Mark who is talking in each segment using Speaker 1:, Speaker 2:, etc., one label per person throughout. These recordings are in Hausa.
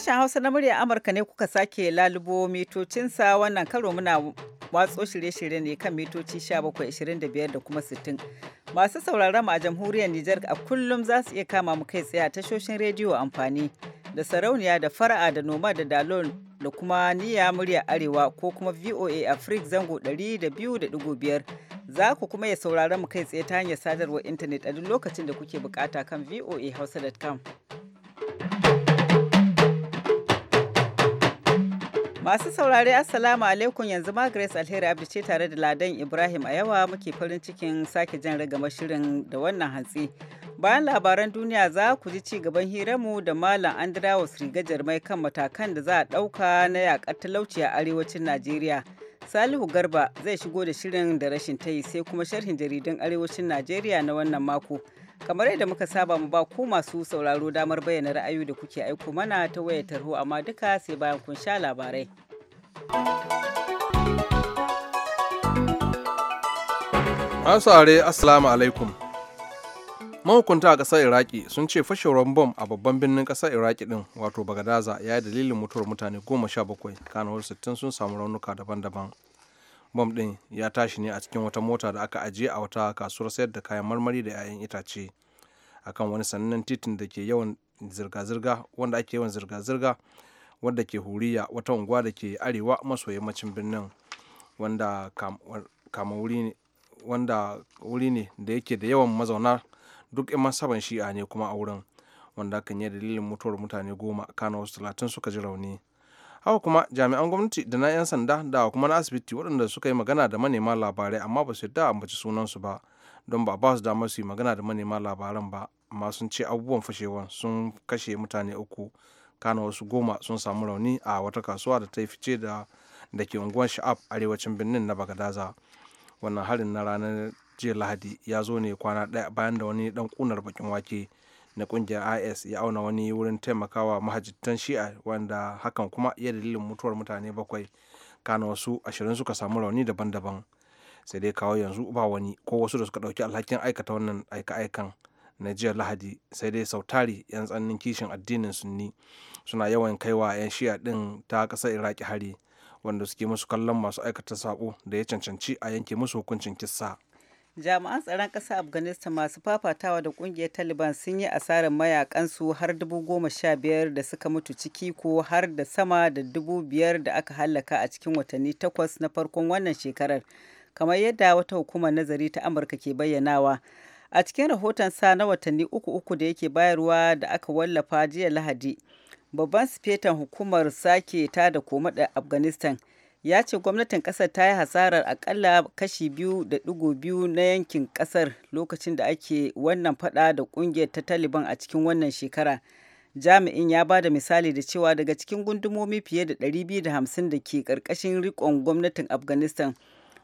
Speaker 1: Sashen Hausa na murya Amurka ne kuka sake lalubo mitocinsa wannan karo muna watso shirye-shirye ne kan mitoci 1725 da kuma 60. Masu sauraron mu a jamhuriyar Nijar a kullum za su iya kama mu kai tsaye a tashoshin rediyo amfani da sarauniya da fara'a da noma da dalon da kuma niya murya arewa ko kuma VOA Africa zango 200.5 za ku kuma ya saurara mu kai tsaye ta hanyar sadarwar intanet a duk lokacin da kuke bukata kan voahausa.com. Masu saurare Assalamu alaikum yanzu ma Grace Alheri Abdi ce tare da Ladan Ibrahim a yawa muke farin cikin sake jan ragama shirin da wannan hantsi. Bayan labaran duniya za ku ji ci gaban hiranmu da Malam Andrawus Riga Jarmai kan matakan da za a ɗauka na yakar talauci a arewacin Najeriya. Salihu Garba zai shigo da shirin da rashin tayi sai kuma sharhin jaridun arewacin Najeriya na wannan mako. kamar yadda muka saba mu ba ku masu sauraro damar bayyana ra'ayoyi da kuke aiko mana ta wayar tarho amma duka sai bayan kun sha labarai
Speaker 2: an are assalamu alaikum mahukunta a ƙasar iraki sun ce fashewar bom a babban birnin ƙasar iraki din wato bagadaza ya yi dalilin mutuwar mutane goma sha bakwai kanawar sittin sun samu raunuka daban-daban bom ɗin ya tashi ne a cikin wata mota da aka ajiye a wata kasuwar sayar da kayan marmari da 'ya'yan itace akan wani sanannen titin da ke yawan zirga-zirga wanda ake yawan zirga-zirga wadda ke huriya wata unguwa da ke arewa maso yammacin birnin wanda kama wuri ne da yake da yawan mazauna duk iman saban shi'a ne kuma a wurin wanda kan yi dalilin mutuwar mutane goma kana wasu talatin suka ji rauni haka kuma jami'an gwamnati da na 'yan sanda da kuma na asibiti waɗanda suka yi magana da manema labarai amma ba su yarda a ambaci sunansu ba don ba ba su dama su yi magana da manema labaran ba amma sun ce abubuwan fashewan sun kashe mutane uku kana wasu goma sun samu rauni a wata kasuwa da ta yi fice da da ke unguwar sha'ab arewacin birnin na bagadaza wannan harin na ranar jiya lahadi ya zo ne kwana ɗaya bayan da wani ɗan kunar bakin wake na kungiyar is ya auna wani wurin taimakawa mahajjatan shi'a wanda hakan kuma ya dalilin mutuwar mutane bakwai kana wasu ashirin suka samu rauni daban-daban sai dai kawo yanzu ba wani ko wasu da suka ɗauki alhakin aikata wannan aika-aikan na jiya lahadi sai dai sautari 'yan tsannin kishin addinin sunni suna yawan kaiwa 'yan shi'a ɗin ta ƙasar iraki hari wanda suke musu kallon masu aikata sako da ya cancanci a yanke musu hukuncin kissa
Speaker 1: jami'an tsaron ƙasa afghanistan masu fafatawa da ƙungiyar taliban sun yi asarar mayakansu har dubu goma sha biyar da suka mutu ciki ko har da sama da dubu biyar da aka hallaka a cikin watanni takwas na farkon wannan shekarar kamar yadda wata hukumar nazari ta amurka ke bayyanawa a cikin rahoton sa na watanni uku uku da yake bayarwa da aka wallafa jiya lahadi babban sifetan hukumar sake ta da koma da afghanistan ya ce gwamnatin kasar ta yi hasarar akalla kashi biyu da digo biyu na yankin kasar lokacin da ake wannan fada da kungiyar ta taliban a cikin wannan shekara jami'in ya ba da misali da cewa daga cikin gundumomi fiye da 250 da ke karkashin rikon gwamnatin afghanistan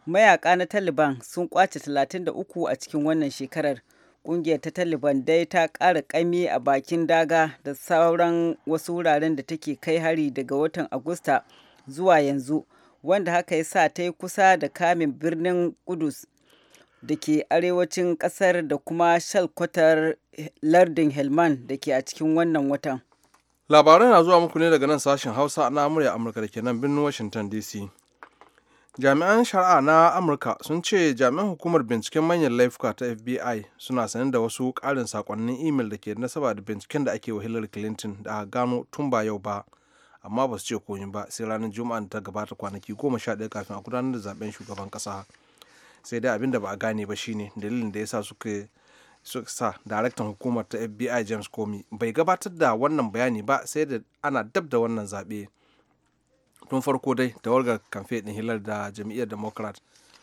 Speaker 1: mayaka na taliban sun kwace 33 a cikin wannan shekarar kungiyar ta taliban dai ta ƙara ƙami a bakin daga da sauran wasu wuraren da take kai hari daga watan agusta zuwa yanzu wanda haka ya sa ta yi kusa da kamin birnin Kudus da ke arewacin kasar da kuma shalkwatar lardin Helman da ke a
Speaker 2: cikin wannan watan. Labaran na zuwa muku ne daga nan sashen Hausa na murya Amurka da ke nan birnin Washington DC. Jami'an shari'a na Amurka sun ce jami'an hukumar binciken manyan laifuka ta FBI suna sanin da wasu ƙarin sakonnin imel da ke nasaba da binciken da ake wa Hillary Clinton da a gano tun ba yau ba. amma ba su ce komai ba sai ranar juma'a da ta gabata kwanaki goma sha ɗaya kafin a gudanar da zaben shugaban ƙasa sai dai abin da ba a gane ba shine dalilin da ya sa suka sa daraktan hukumar ta fbi james comey bai gabatar da wannan bayani ba sai da ana dab da wannan zaɓe tun farko dai tawargar kamfe ɗin hilar da jam'iyyar democrat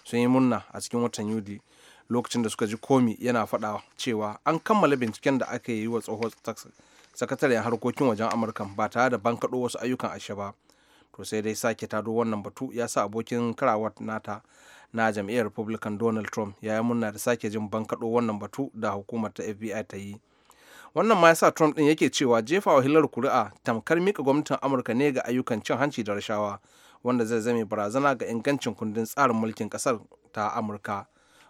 Speaker 2: sun yi murna a cikin watan yuli lokacin da suka ji komi yana faɗa cewa an kammala binciken da aka yi wa tsohon sakataren harkokin wajen amurka ba tare da bankaɗo wasu ayyukan ashe ba to sai dai sake tado wannan batu ya sa abokin karawar nata na jam'iyyar republican donald trump ya yi murna da sake jin bankaɗo wannan batu da hukumar ta fbi ta yi wannan ma ya sa trump din yake cewa jefa wa hilar kuri'a tamkar mika gwamnatin amurka ne ga ayyukan cin hanci da rashawa wanda zai zame barazana ga ingancin kundin tsarin mulkin kasar ta amurka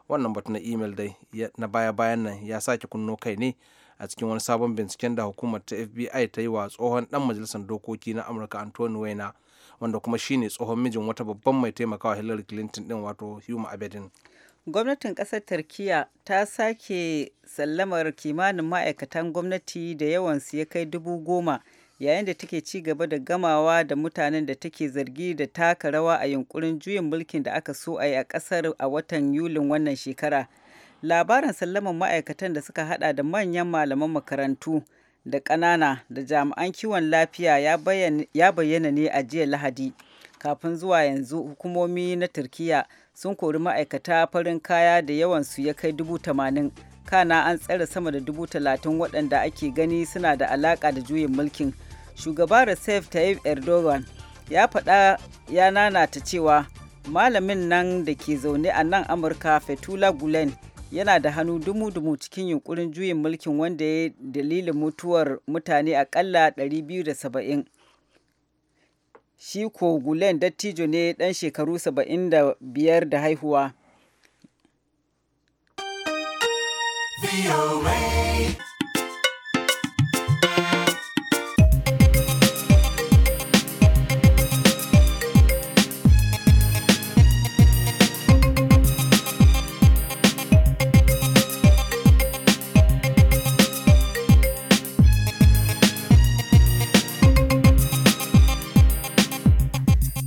Speaker 2: wannan batu na imel dai na baya-bayan nan ya sake kunno kai ne a cikin wani sabon binciken da hukumar ta fbi ta yi wa tsohon dan majalisar dokoki na amurka anthony weiner wanda kuma shine tsohon mijin wata babban mai taimakawa hillary clinton din wato huma abedin
Speaker 1: gwamnatin kasar turkiya ta sake sallamar kimanin ma'aikatan gwamnati da yawansu ya kai dubu goma yayin da take ci gaba da gamawa da mutanen da take zargi da taka rawa a yunkurin juyin mulkin da aka so a yi a kasar a watan yulin wannan shekara labarin sallaman ma'aikatan da suka hada da manyan malaman makarantu da ƙanana da jami'an kiwon lafiya ya bayyana ne a jiya lahadi kafin zuwa yanzu hukumomi na turkiya sun kori ma'aikata farin kaya da yawan su ya kai dubu tamanin kana an tsare sama da dubu talatin waɗanda ake gani suna da alaƙa da juyin mulkin shugaba recep tayyip erdogan ya faɗa ya nanata cewa malamin nan da ke zaune a nan amurka fetula gulen yana da hannu dumu-dumu cikin yunkurin juyin mulkin wanda ya dalilin mutuwar mutane akalla 270 shi ko gulen dattijo ne dan shekaru 75 da haihuwa.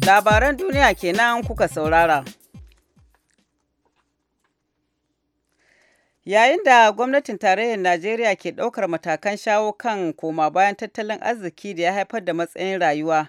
Speaker 1: Labaran duniya kenan kuka saurara. Yayin da gwamnatin tarayyar Najeriya ke ɗaukar matakan shawo kan koma bayan tattalin arziki da ya haifar da matsayin rayuwa,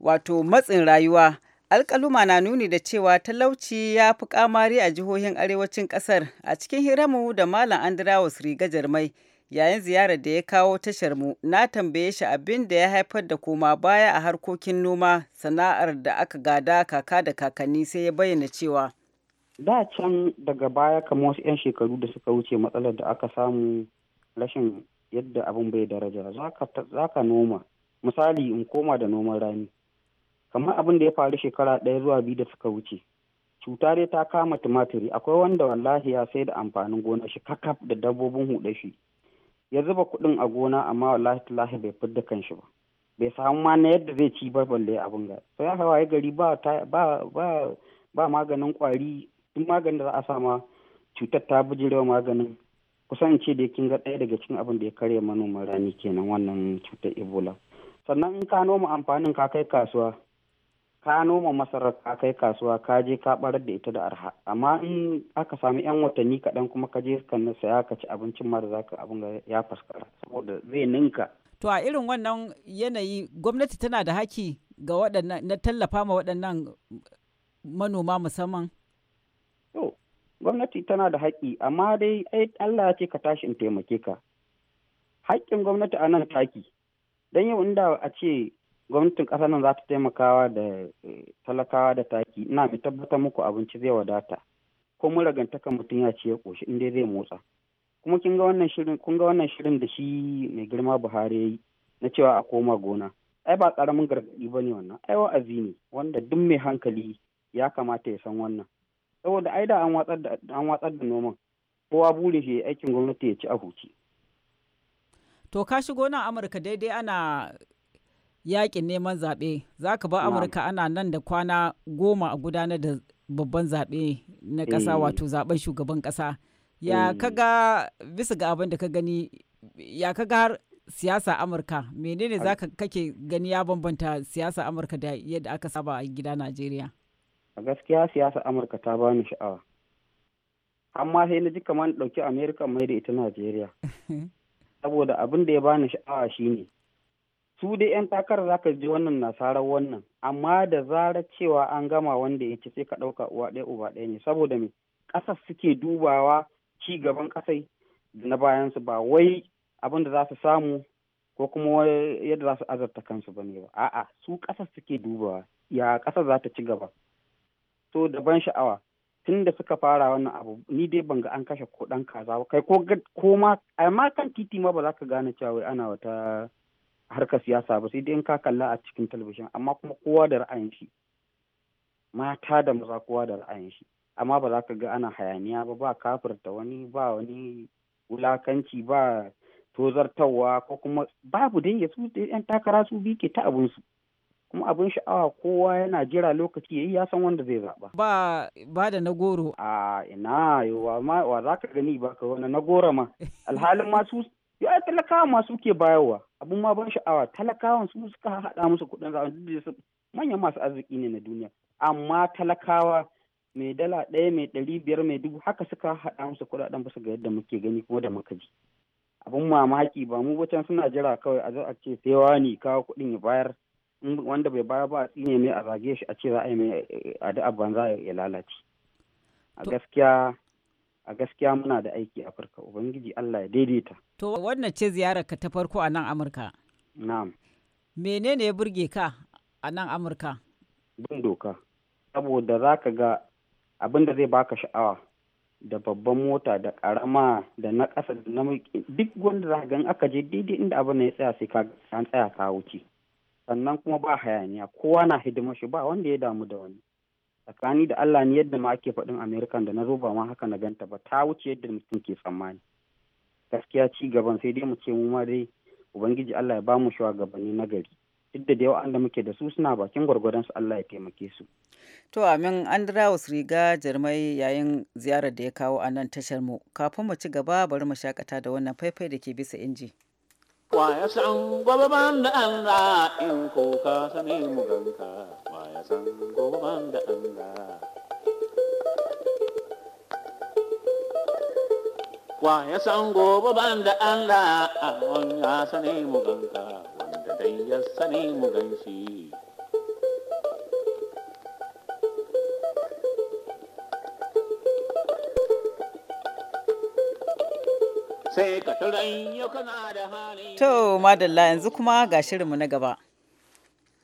Speaker 1: wato matsin rayuwa, alkaluma na nuni da cewa talauci ya fi kamari a jihohin arewacin ƙasar a cikin hiramu da Malam Andrawus Riga Jarmai yayin ziyarar da ya kawo tashar mu na tambaye shi abin da ya haifar da koma baya a harkokin noma sana'ar da aka gada kaka da kakanni sai ya bayyana cewa
Speaker 3: da can daga baya kamar wasu 'yan shekaru da suka wuce matsalar da aka samu rashin yadda abin bai daraja za ka noma misali in koma da noman rani kamar abin da ya faru shekara ɗaya zuwa biyu da suka wuce cuta dai ta kama tumatiri akwai wanda wallahi ya sai da amfanin gona shi kakaf da dabbobin huɗa shi ya zuba kuɗin a gona amma wallahi tallahi bai fidda shi ba bai samu ma na yadda zai ci ba balle abin ga sai hawa waye gari ba ba ba ba maganin kwari duk maganin da za a sa ma cutar ta bijirewa maganin kusan ce da kin ga ɗaya daga cikin abin da ya karya manoman rani kenan wannan cutar ebola sannan in ka noma amfanin ka kai kasuwa ka noma masarar ka kai kasuwa ka je ka barar da ita da arha amma in aka sami yan watanni kaɗan kuma ka je ka saya ka ci abincin mara zaka abin ya faskara saboda zai ninka
Speaker 1: to a irin wannan yanayi gwamnati tana da haki ga waɗannan na tallafa ma waɗannan manoma musamman
Speaker 3: to gwamnati tana da haƙƙi amma dai ai Allah ya ce ka tashi in taimake ka haƙƙin gwamnati a nan taki don yau inda a ce gwamnatin ƙasar nan za ta taimakawa da eh, talakawa da taki ina mai tabbatar muku abinci zai wadata ko mun ragantaka mutum ya ce ya ƙoshi inda zai motsa kuma kin ga wannan shirin kun ga wannan shirin da shi mai girma Buhari yayi na cewa a koma gona ai ba karamin gargaɗi bane wannan ai wa azini wanda duk mai hankali ya kamata ya san wannan saboda ai da an watsar da an watsar da noman kowa burin shi aikin gwamnati ya ci a huci
Speaker 1: to ka shigo nan Amurka daidai ana yakin neman zaɓe za ka ba amurka ana nan da kwana goma a gudanar da babban zaɓe na ƙasa eh. wato zaɓen shugaban ƙasa ya eh. kaga bisa ga abin da ka gani ya kaga har siyasa amurka menene za ka kake gani ya bambanta siyasa amurka da yadda aka saba a gida najeriya
Speaker 3: a gaskiya siyasa amurka ta bani sha'awa amma sai na ji kamar ɗauki amerika mai da ita najeriya saboda abin da ya bani sha'awa shine su dai 'yan takarar zaka ji wannan nasarar wannan amma da zara cewa an gama wanda ya ce sai ka ɗauka uwa ɗaya uba ɗaya ne saboda me ƙasar suke dubawa ci gaban ƙasai na na bayansu ba wai abin da za su samu ko kuma yadda za su azarta kansu ba ne ba a'a su ƙasar suke dubawa ya ƙasar za ta ci gaba so da ban sha'awa tun da suka fara wannan abu ni dai ban ga an kashe kuɗin kaza ba kai ko ma amma kan titi ma ba za ka gane cewa wai ana wata harkar siyasa ba sai dai in ka kalla a cikin talabijin amma kuma kowa da ra'ayin shi mata da maza kowa da ra'ayin shi amma ba za ka ga ana hayaniya ba ba kafirta wani ba wani wulakanci ba tozartarwa ko kuma babu dai ya su yan takara su bi ke ta su kuma abin sha'awa kowa yana jira lokaci yayi ya san wanda zai zaba Ba ba da na goro. A ina wa wa za ka gani ba ka wani na goro ma alhalin ma ya talakawa masu ke bayarwa abun ma ban sha'awa talakawa su suka haɗa musu kuɗin zaɓen su manyan masu arziki ne na duniya amma talakawa mai dala ɗaya mai ɗari biyar mai dubu haka suka haɗa musu kuɗaɗen basu ga yadda muke gani kuma da muka ji abun mamaki ba mu wacan suna jira kawai a zo a ce sai wani kawo kuɗin ya bayar wanda bai bayar ba a tsine mai a zage shi a ce za a yi mai addu'a za ya lalace a gaskiya a gaskiya muna da aiki a farka Ubangiji Allah ya daidaita.
Speaker 1: To wannan ce ziyararka ta farko a nan Amurka? Na'am. Menene ya burge ka a nan Amurka? Bin
Speaker 3: doka. Saboda za ka ga abin da zai baka sha'awa da babban mota da karama da na ƙasa da na duk wanda za gan aka je daidai inda abin ya tsaya sai ka an tsaya ka wuce. Sannan kuma ba hayaniya kowa na hidima shi ba wanda ya damu da wani. tsakani da Allah ne yadda ma ake faɗin Amerikan da na zo ba ma haka na ganta ba ta wuce yadda mutum ke tsammani gaskiya ci gaban sai dai mu ce mu ma dai ubangiji Allah ya ba mu shugabanni na gari duk da yawa an muke da su suna bakin gwargwadon su Allah ya taimake su
Speaker 1: to amin Andrews riga jarmai yayin ziyarar da ya kawo a nan tashar mu kafin mu ci gaba bari mu shakata da wannan faifai da ke bisa inji Waya
Speaker 4: san gobe ban da Allah
Speaker 3: in ko ka sani mu ganka. Waya san gobe ban da Allah.
Speaker 4: Waya san gobe ban da Allah a ya sani mu ganka wanda dai ya sani mu ganshi.
Speaker 1: da To, madalla yanzu kuma ga shirinmu na gaba.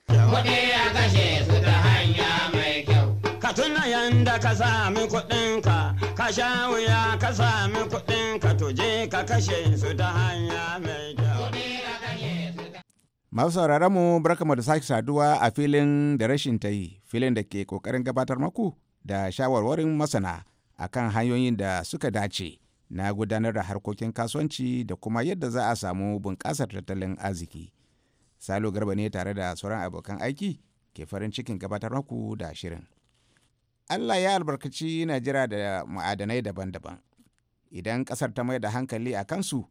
Speaker 3: Kuɗi kashe su ta hanya mai kyau. Ka tuna yanda ka sami kuɗinka, ka sha wuya ka sami kuɗinka, to je ka kashe su ta hanya mai kyau.
Speaker 5: Masu sauraron mu barkamu da sake saduwa a filin da rashin ta yi, filin da ke ƙoƙarin gabatar maku da shawarwarin masana akan hanyoyin da suka dace na gudanar da harkokin kasuwanci da kuma yadda za a samu bunƙasar tattalin arziki. Salo Garba ne tare da sauran abokan aiki ke farin cikin gabatar maku da shirin. Allah ya albarkaci Najeriya da ma'adanai daban-daban. Idan ƙasar ta mai da hankali a kansu,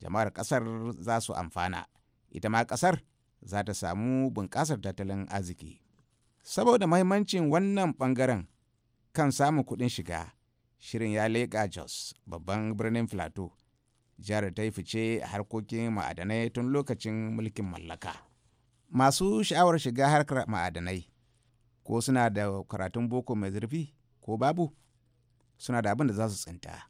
Speaker 5: jama'ar ƙasar za su amfana. Ita ma ƙasar za ta samu bunƙasar tattalin arziki. Saboda mahimmancin wannan ɓangaren kan samun kuɗin shiga. shirin ya leƙa jos babban birnin filato jihar ta yi fice a harkokin ma'adanai tun lokacin mulkin mallaka masu sha'awar shiga harkar ma'adanai ko suna da karatun boko mai zurfi ko babu suna da abin da za su tsinta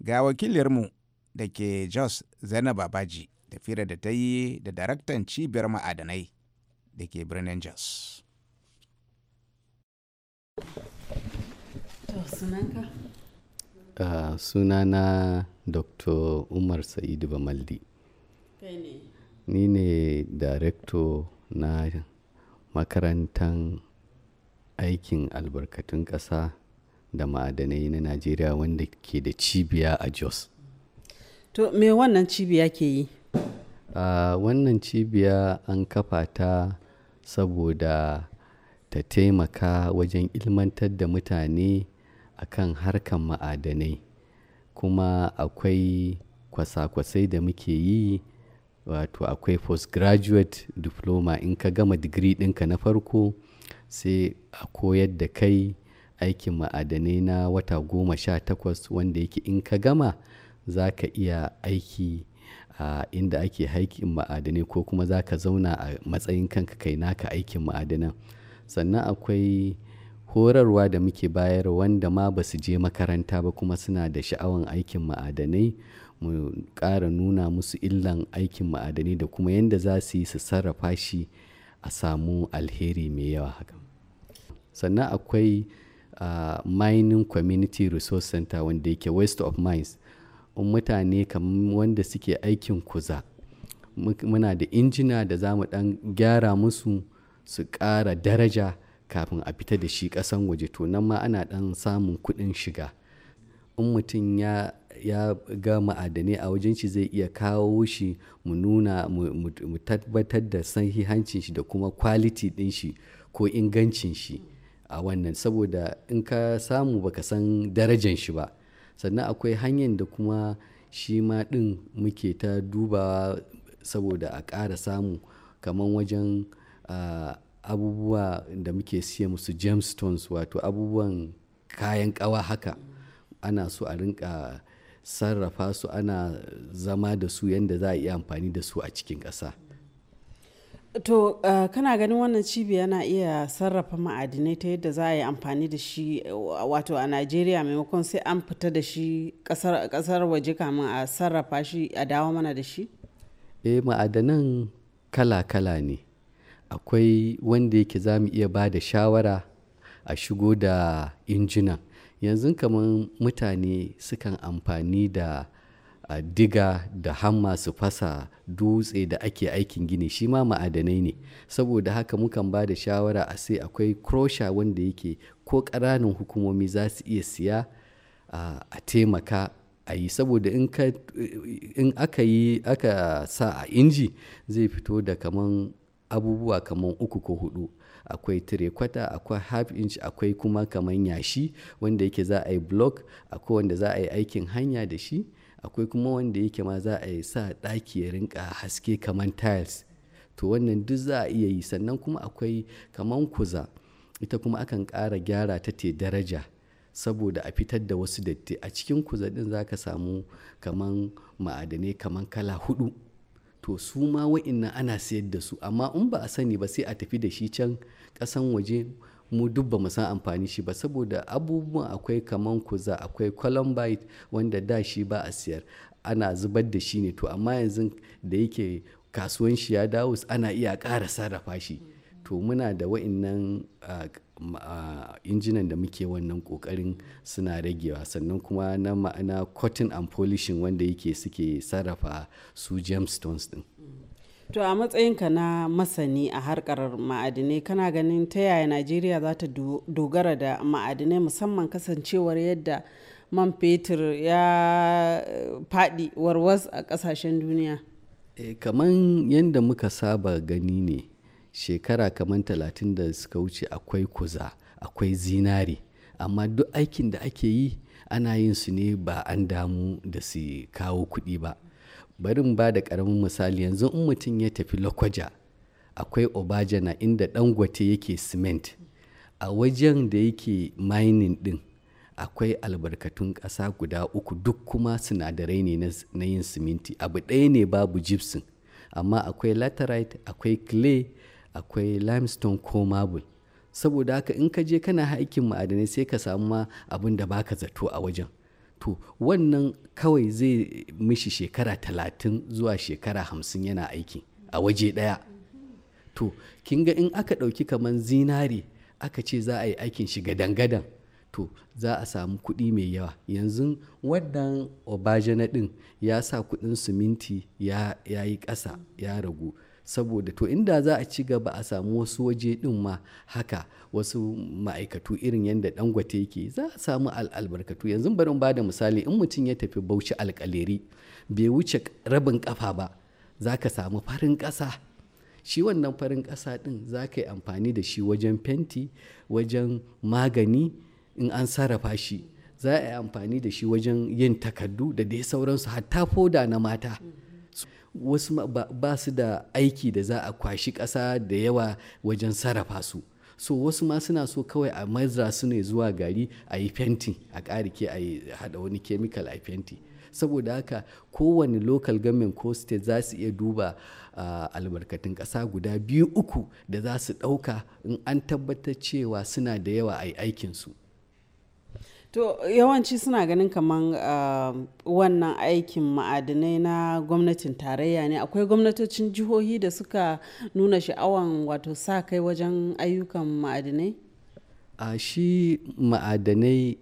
Speaker 5: ga wakiliyarmu da ke jos zainab babaji tafiyar da ta yi da daraktan cibiyar ma'adanai da ke birnin jos
Speaker 6: sunanka?
Speaker 7: Uh, sunana dr umar sa'idu bamaldi ni ne darekto na makarantar aikin albarkatun ƙasa da ma'adanai na najeriya wanda ke da cibiya a jos
Speaker 6: to me wannan cibiya ke yi
Speaker 7: uh, wannan cibiya an kafa ta saboda ta taimaka wajen ilmantar da mutane akan harkar ma'adanai kuma akwai kwasa-kwasai da muke yi wato akwai postgraduate diploma in ka gama digiri ɗinka na farko sai a koyar da kai aikin ma'adanai na wata goma sha takwas wanda yake in ka gama za ka iya aiki a uh, inda ake haikin ma'adanai ko kuma za ka zauna a matsayin kanka kai naka aikin ma'adanan sannan akwai horarwa da muke bayar wanda ma ba su je makaranta ba kuma suna da sha'awan aikin ma'adanai mu ƙara nuna musu illan aikin ma'adanai da kuma yadda za su yi su sarrafa shi a samu alheri mai yawa haka sannan akwai uh, mining community resource center wanda yake west of mines in mutane kamar wanda suke aikin kuza muna da injina da za mu dan gyara musu su ƙara daraja kafin a fita da shi kasan waje to nan ma ana ɗan samun kuɗin shiga in mutum ya ya ga ma'adanai a wajen shi zai iya kawo shi mu nuna mu tabbatar da sahihancin shi da kuma kwaliti ɗin shi ko ingancin shi a wannan saboda in ka samu baka san darajan shi ba sannan akwai hanyar da kuma shi ma ɗin muke ta dubawa saboda a kara samu kamar wajen ah, abubuwa da muke siya musu gemstones wato abubuwan kayan kawa haka ana so a rinka sarrafa su ana zama da su yadda za a iya amfani da su a cikin ƙasa.
Speaker 6: to eh, kana ganin wannan cibiya na iya sarrafa ma'adinai ta yadda za a yi amfani da shi wato a najeriya maimakon sai an fita da shi kasar waje kamun a sarrafa shi a dawo mana da shi
Speaker 7: eh ma'adanan kala-kala ne akwai wanda yake za mu iya ba da shawara a shigo da injina yanzu kamar mutane sukan amfani da diga da hamma su fasa dutse da ake aikin gini shi ma ma'adanai ne saboda haka mukan ba da shawara a sai akwai krosha wanda yake ko ƙananan hukumomi za su iya siya a taimaka a yi saboda in aka yi aka sa a inji zai fito da kaman abubuwa kamar uku ko hudu akwai tire kwata akwai half inch akwai kuma kamar yashi wanda yake za a yi block akwai wanda za a yi aikin hanya da shi akwai kuma wanda yake ma za a yi sa ɗaki ya rinka haske kamar tiles to wannan duk za a iya yi sannan kuma akwai kamar kuza ita kuma akan ƙara gyara ta te daraja saboda a fitar da wasu datti a cikin kuza ɗin za ka samu kamar ma'adanai kamar kala hudu to su ma wa'innan ana sayar da su amma in ba a sani ba sai a tafi da shi can kasan waje mu duk ba mu san amfani shi ba saboda abubuwan akwai kaman kuza akwai columbite wanda da shi ba a siyar ana zubar da shi ne to amma yanzu da yake kasuwan shi ya dawo ana iya ƙara sarrafa shi to muna da wa'innan injinan da muke wannan kokarin suna ragewa sannan kuma na ma'ana cotton and polishing wanda yake suke sarrafa su gemstones din
Speaker 6: to a matsayinka na masani a harkar ma'adinai kana ganin ta yaya najeriya za ta dogara da ma'adinai musamman kasancewar yadda man fetur ya eh, faɗi warwas a ƙasashen duniya
Speaker 7: eh, kaman kamar yadda muka saba gani ne shekara kamar talatin da suka wuce akwai kuza akwai zinari amma duk aikin da ake yi ana yin su ne ba an damu da su kawo kuɗi ba barin ba da ƙaramin misali yanzu in mutum ya tafi lokwaja akwai obajana inda dangote yake cement a wajen da yake mining din akwai albarkatun ƙasa guda uku duk kuma sinadarai ne na yin siminti abu ɗaya ne babu gypsum amma akwai laterite akwai clay akwai limestone ko marble saboda haka in ka je kana aikin ma'adanai sai ka samu ma abin da baka zato a wajen to wannan kawai zai mishi shekara talatin zuwa shekara hamsin yana aiki a waje ɗaya to kin ga in aka ɗauki kamar zinari aka ce za a yi aikin shi gadan-gadan to za a samu kuɗi mai yawa yanzu wannan obajana ɗin ya sa kuɗin siminti ya yi ƙasa ya ragu saboda to inda za a ci gaba a samu wasu waje din ma haka wasu ma'aikatu irin yadda dangwate yake za a samu albarkatu yanzu barin ba da misali in mutum ya tafi bauchi alkaleri bai wuce rabin kafa ba za ka samu farin ƙasa shi wannan farin ƙasa din za ka yi amfani da shi wajen fenti wajen magani in an sarrafa shi za a yi amfani da shi wajen yin takardu da dai sauransu hatta foda na mata mm. wasu ba su da aiki da za a kwashi ƙasa da yawa wajen sarrafa su so wasu ma suna so kawai a mazra su ne zuwa gari a yi fenti a ƙarike a haɗa wani kemikal a fenti saboda haka kowane local government ko state za su iya duba albarkatun ƙasa guda biyu uku da za su ɗauka in an tabbatar cewa suna da yawa a yi aikinsu
Speaker 6: To yawanci suna ganin kamar um, wannan aikin ma'adinai na gwamnatin tarayya ne akwai gwamnatocin jihohi da suka nuna sha'awan wato sa kai wajen ayyukan ma'adinai?
Speaker 7: A shi ma'adinai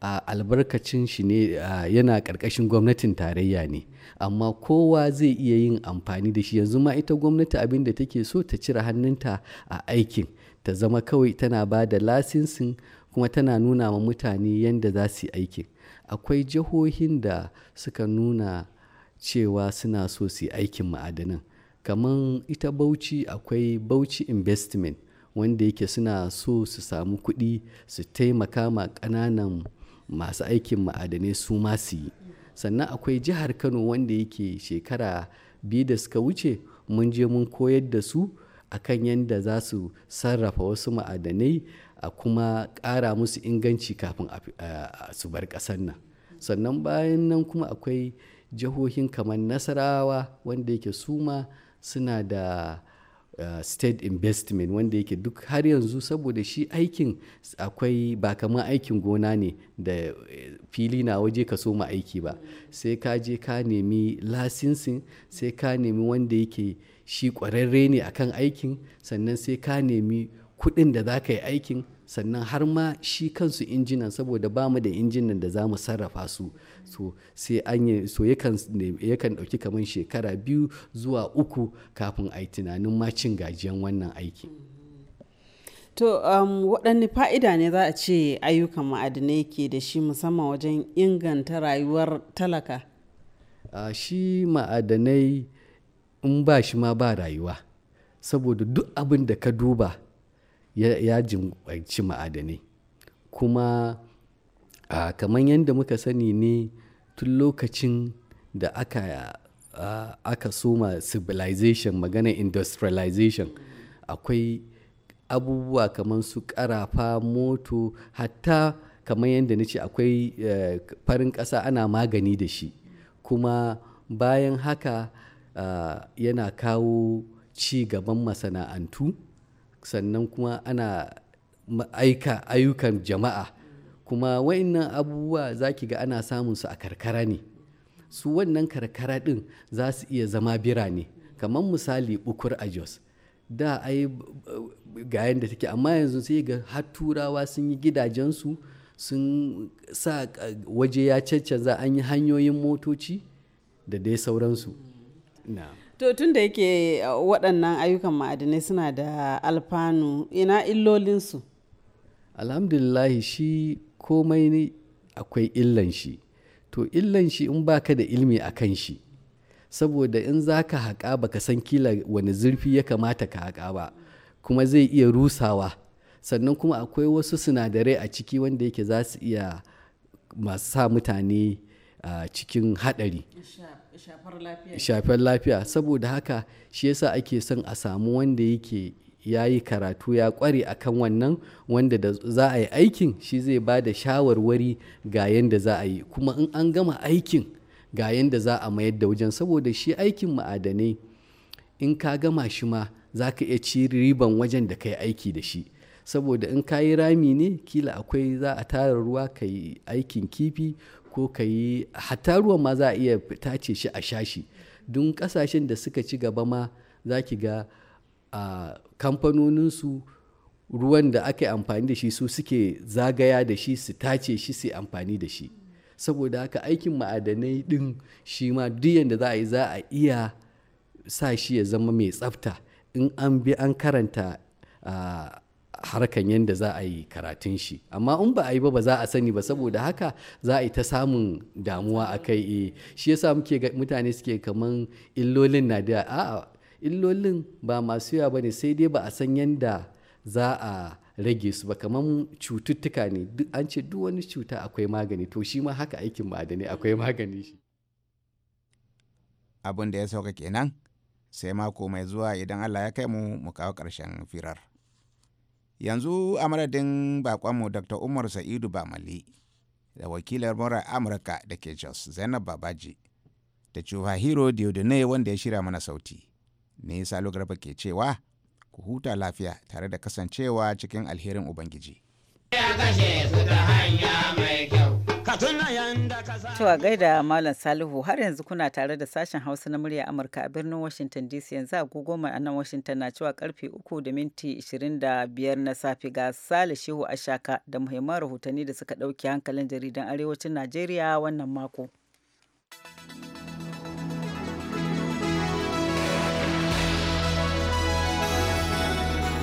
Speaker 7: a albarkacin shi ne yana ƙarƙashin gwamnatin tarayya ne amma kowa zai iya yin amfani da shi yanzu ma ita gwamnati abin da take so ta cire hannunta a aikin ta zama kawai tana ba da lasinsin kuma tana nuna ma mutane yadda za su yi aikin akwai jihohin da suka nuna cewa suna so su aikin ma'adanan kamar ita bauchi akwai bauchi investment wanda yake suna so su samu kuɗi su taimaka ma ƙananan masu aikin ma'adanai su masu yi sannan akwai jihar kano wanda yake shekara biyu da suka wuce mun je mun koyar da su akan yadda za su sarrafa wasu ma'adanai a kuma ƙara musu inganci kafin su bar ƙasar nan sannan bayan nan kuma akwai jihohin kamar nasarawa wanda yake suma suna da Uh, state investment wanda yake duk har yanzu saboda shi aikin akwai ba kamar aikin gona ne da eh, fili na waje ka soma aiki ba sai ka je ka nemi lasinsin sai ka nemi wanda yake shi ƙwararre ne akan aikin sannan sai ka nemi kuɗin da za ka yi aikin sannan har ma shi kansu injinan saboda ba mu da injinan da za mu sarrafa su so sai an yi so yakan ɗauki kamar shekara biyu zuwa uku kafin a yi tunanin macin gajiyan wannan aiki
Speaker 6: to um, waɗanne fa'ida ne za a ce ayyukan ma'adinai ke da shi musamman wajen inganta rayuwar talaka
Speaker 7: uh, shi ma'adanai in ba shi ma ba rayuwa saboda duk abin da ka duba ya jimbarci ma'adanai kuma a kamar yadda muka sani ne tun lokacin da aka aka soma civilization magana industrialization akwai abubuwa kamar su karafa moto hatta kamar yadda na ce akwai e, farin ƙasa ana magani da shi kuma bayan haka yana kawo ci gaban masana'antu sannan kuma ana aika ayyukan jama'a kuma wa'annan abubuwa za ki ga ana samun su a karkara ne su wannan karkara ɗin za su iya zama birane kamar misali bukur a jos da ai ga yadda take amma yanzu sai ga har turawa sun yi gidajensu sun sa waje ya za an yi hanyoyin motoci da dai sauransu na
Speaker 6: To tun da yake uh, waɗannan ayyukan ma'adinai suna da alfanu ina illolinsu?
Speaker 7: Alhamdulillahi shi komai ne akwai illan shi. To illan shi in baka da ilmi a kan shi. Saboda in za ka haƙa baka san kila wani zurfi ya kamata ka haƙa ba, kuma zai iya rusawa. Sannan kuma akwai wasu sinadarai a ciki wanda yake za su iya masu sa mutane uh, cikin haɗari. shafar lafiya saboda haka shi yasa ake son a samu wanda yake ya yi karatu ya kware akan wannan wanda da za a yi aikin shi zai ba da shawarwari ga yadda za a yi kuma in an gama aikin ga yadda za a mayar da wajen saboda shi aikin ma'adanai in ka gama shi ma za ka iya ci riban wajen da ka yi aiki da shi saboda in ka yi rami ne kila akwai za a tara ruwa ka yi aikin kifi ko ka yi hatta ruwan ma za a iya tace shi a shashi don kasashen da suka ci gaba ma za ki ga a kamfanoninsu ruwan da aka yi amfani da shi su suke zagaya da shi su tace shi su amfani da shi saboda haka aikin ma'adanai din shi ma duk yadda za a yi za a iya sa shi ya zama mai tsafta in an bi an karanta harkan yadda za a yi karatun shi amma in ba a yi ba ba za a sani ba saboda haka za a yi ta samun damuwa a kai e shi yasa muke mutane suke kaman illolin na da a'a illolin ba masu yawa ba ne sai dai ba a san yadda za a rage su ba kamar cututtuka ne an ce duk wani cuta akwai magani to shi ma haka aikin ba ne akwai magani shi abin da ya sauka kenan sai mako
Speaker 5: mai zuwa idan allah ya kai mu mu kawo ƙarshen firar yanzu a madadin bakonmu dr umar sa'idu bamali da wakilar murar amurka da ke jos zainab babaji da cewa hero diodone wanda ya shirya mana sauti ne salo garba ke cewa ku huta lafiya tare da kasancewa cikin alherin ubangiji
Speaker 1: ya kashe su ta hanya mai To a gaida Malam Salihu har yanzu kuna tare da sashen Hausa na murya Amurka a birnin Washington DC yanzu agogo mai a nan Washington na cewa karfe 3 da minti 25 na safe ga Sale Shehu Ashaka da muhimman rahotanni da suka ɗauki hankalin jaridan Arewacin Najeriya wannan mako.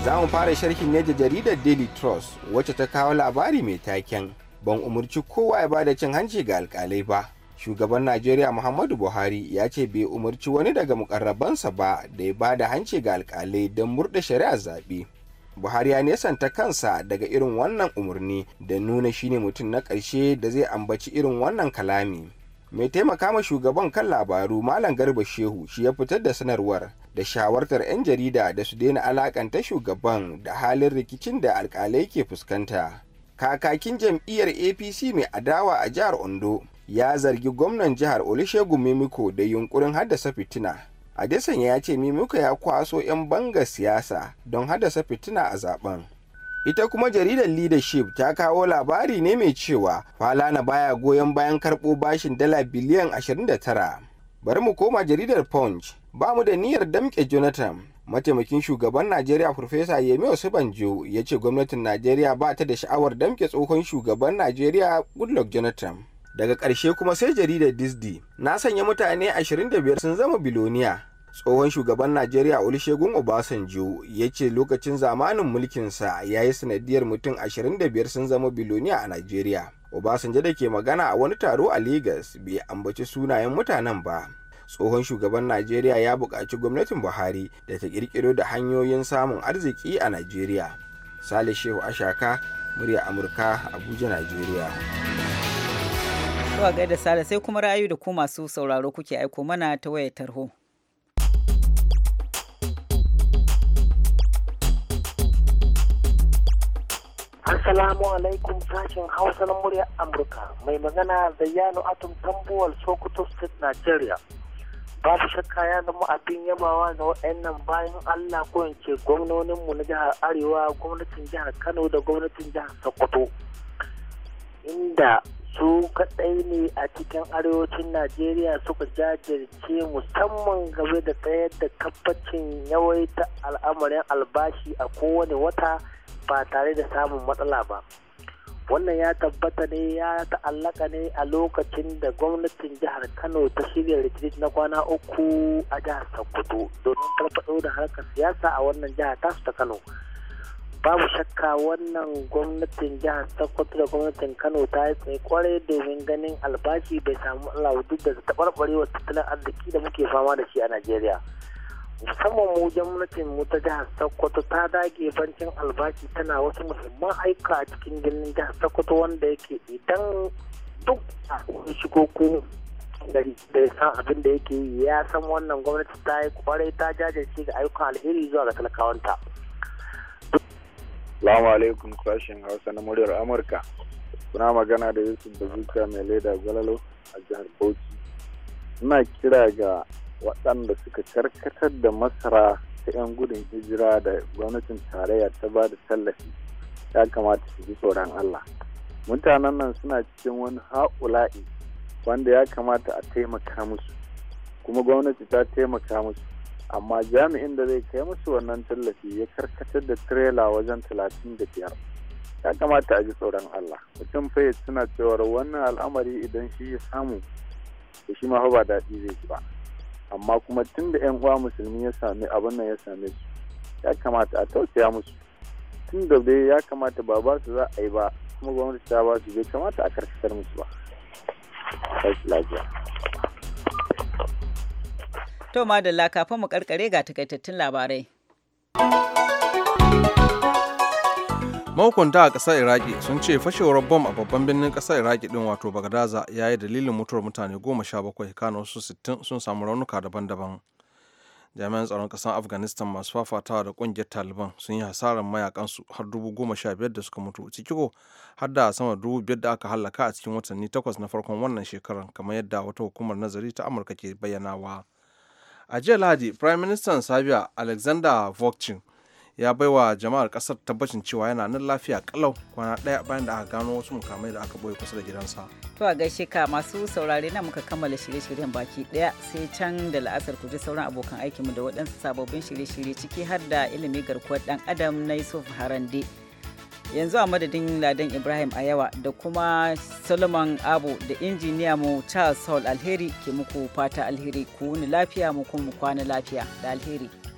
Speaker 8: zamu fara sharhin ne da jaridar Daily Trust wacce ta kawo labari mai taken ban umarci kowa ya bada cin hanci ga alkalai ba shugaban najeriya muhammadu buhari ya ce bai umarci wani daga mukarrabansa ba da ya bada hanci ga alkalai don murda shari'ar zaɓe buhari ya nesanta kansa daga irin wannan umarni da nuna shine mutum na ƙarshe da zai ambaci irin wannan kalami mai taimaka ma shugaban kan labaru malam garba shehu shi ya fitar da sanarwar da shawartar 'yan jarida da su daina alakanta shugaban da halin rikicin da alkalai ke fuskanta kakakin jam'iyyar apc mai adawa a jihar ondo ya zargi gwamnan jihar olusegun mimiko da yunkurin haddasa fitina adesanya ya ce mimiko ya kwaso 'yan banga siyasa don haddasa fitina a zaben ita kuma jaridar leadership ta kawo labari ne mai cewa falana baya goyon bayan karɓo bashin dala biliyan 29 bari mu koma jaridar punch ba mu da niyyar damke jonathan mataimakin shugaban najeriya farfesa yemi osibanjo ya ce gwamnatin najeriya ba ta da sha'awar damke tsohon shugaban najeriya goodluck jonathan daga ƙarshe kuma sai jaridar disney na sanya mutane 25 sun zama biloniya tsohon shugaban najeriya olusegun obasanjo ya ce lokacin zamanin mulkinsa ya yi sanadiyar mutum 25 sun zama biloniya a najeriya obasanjo da ke magana a wani taro a Legas, bai ambaci sunayen mutanen ba tsohon shugaban najeriya ya buƙaci gwamnatin buhari da ta ƙirƙiro da hanyoyin samun arziki a najeriya sale shehu ashaka murya amurka abuja najeriya
Speaker 1: Zuwa gaida Sale sai kuma rayu da ku masu sauraro kuke aiko mana ta wayar tarho.
Speaker 4: Assalamu alaikum sashen Hausa na murya Amurka mai magana da yano Atom Tambuwal Sokoto State Nigeria. su shakka ya zama abin yabawa ga waɗannan bayan Allah ko in ce gwamnoninmu na jihar Arewa gwamnatin jihar Kano da gwamnatin jihar Sokoto inda su kaɗai ne a cikin arewacin Najeriya suka jajirce musamman game da tsayar da kafacin yawaita al'amarin albashi a kowane wata ba tare da samun matsala ba. wannan ya tabbata ne ya ta'allaka ne a lokacin da gwamnatin jihar kano ta shirya retreat na kwana uku a jihar sokoto domin karfado da harkar siyasa a wannan jihar tasu ta kano babu shakka wannan gwamnatin jihar sokoto da gwamnatin kano ta yi tsaye kwarai domin ganin albashi bai samu allah duk da taɓarɓarewar tattalin arziki da muke fama da shi a najeriya musamman mu gwamnatin mu ta jihar sokoto ta dage bancin albashi tana wasu muhimman aika a cikin birnin jihar sokoto wanda yake idan duk a shigo ko da ya san abin da yake yi ya san wannan gwamnati ta yi kwarai ta jajirce ga ayyukan alheri zuwa ga talakawanta. Salamu alaikum sashen Hausa na muryar Amurka. Kuna magana da Yusuf Bazuka mai leda gwalalo a jihar Bauchi. Ina kira ga waɗanda suka karkatar da masara ta 'yan gudun hijira da gwamnatin tarayya ta ba da tallafi ya kamata su ji tsoron Allah. Mutanen nan suna cikin wani haƙula'i wanda ya kamata a taimaka musu, kuma gwamnati ta taimaka musu. Amma jami'in da zai kai musu wannan tallafi ya karkatar da tirela wajen talatin da biyar. Ya kamata a ji tsoron Allah. Mutum fayyace suna cewar wannan al'amari idan shi ya samu, da shi ma ba daɗi zai ba. amma kuma tun da yan uwa musulmi ya sami abin nan ya same su ya kamata a tausaya musu tun da dai ya kamata ba ba su za a yi ba kuma gwamnati ta ba su bai kamata a karkatar musu ba
Speaker 1: to madalla kafin mu karkare ga takaitattun labarai
Speaker 2: mahukunta a ƙasar iraki sun ce fashewar bom a babban birnin ƙasar iraki din wato bagadaza ya yi dalilin mutuwar mutane goma sha bakwai kano wasu sittin sun samu raunuka daban-daban jami'an tsaron ƙasar afghanistan masu fafatawa da ƙungiyar taliban sun yi hasarar mayakansu har dubu goma sha biyar da suka mutu ciki ko har da sama dubu biyar da aka halaka a cikin watanni takwas na farkon wannan shekarar kamar yadda wata hukumar nazari ta amurka ke bayyanawa a jiya lahadi prime minister serbia alexander vokchin ya baiwa jama'ar kasar tabbacin cewa yana nan lafiya kalau kwana daya bayan da aka gano wasu mukamai da aka boye kusa da gidansa
Speaker 1: to a gaishe ka masu saurare na muka kammala shirye-shiryen baki daya sai can da la'asar ku ji sauran abokan aikinmu da waɗansu sababbin shirye-shirye ciki har da ilimi garkuwar ɗan adam na yusuf harande yanzu a madadin ladan ibrahim ayawa da kuma solomon abu da injiniya mu charles saul alheri ke muku fata alheri ku wuni lafiya mu kuma kwana lafiya da alheri